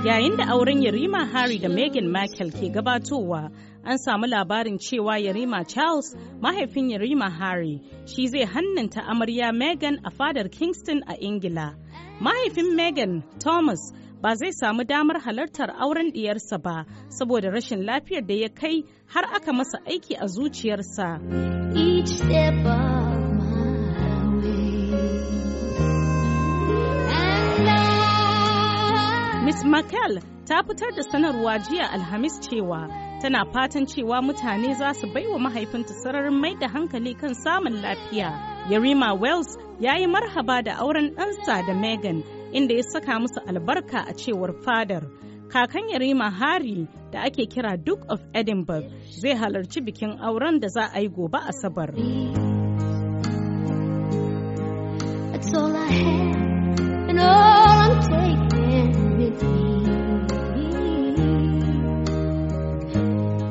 Yayin da auren Yarima Harry da megan Markle ke gabatowa, an samu labarin cewa Yarima Charles, mahaifin Yarima Harry, shi zai hannunta amarya megan a fadar Kingston a Ingila. Mahaifin megan Thomas, ba zai samu damar halartar auren diyarsa ba saboda rashin lafiyar da ya kai har aka masa aiki a zuciyarsa. Each step Merkel ta fitar da sanarwa jiya Alhamis cewa tana fatan cewa mutane za su baiwa mahaifinta sararin mai da hankali kan samun lafiya. Yarima Wells ya yi marhaba da auren ɗansa da Megan inda ya saka musu albarka a cewar fadar. Kakan Yarima Hari da ake kira Duke of Edinburgh zai halarci bikin auren da za a yi gobe Asabar.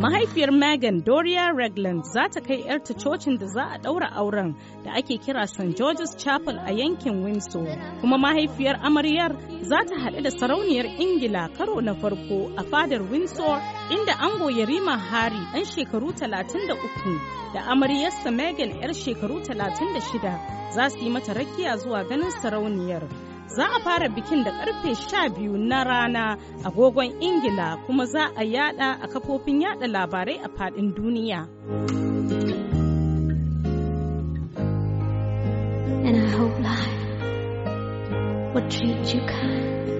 Mahaifiyar Megan Doria regland za ta kai 'yarta cocin da za a ɗaura auren da ake kira St. George's Chapel a yankin Windsor, kuma mahaifiyar amaryar za ta haɗu da sarauniyar Ingila karo na farko a fadar Windsor inda ango Yarima Hari ɗan shekaru 33 da amaryarsa Megan 'yar shekaru 36 za su yi mata rakiya zuwa ganin sarauniyar. za a fara bikin da karfe 12 na rana agogon ingila kuma za a yada a kafofin yada labarai a fadin duniya And I hope life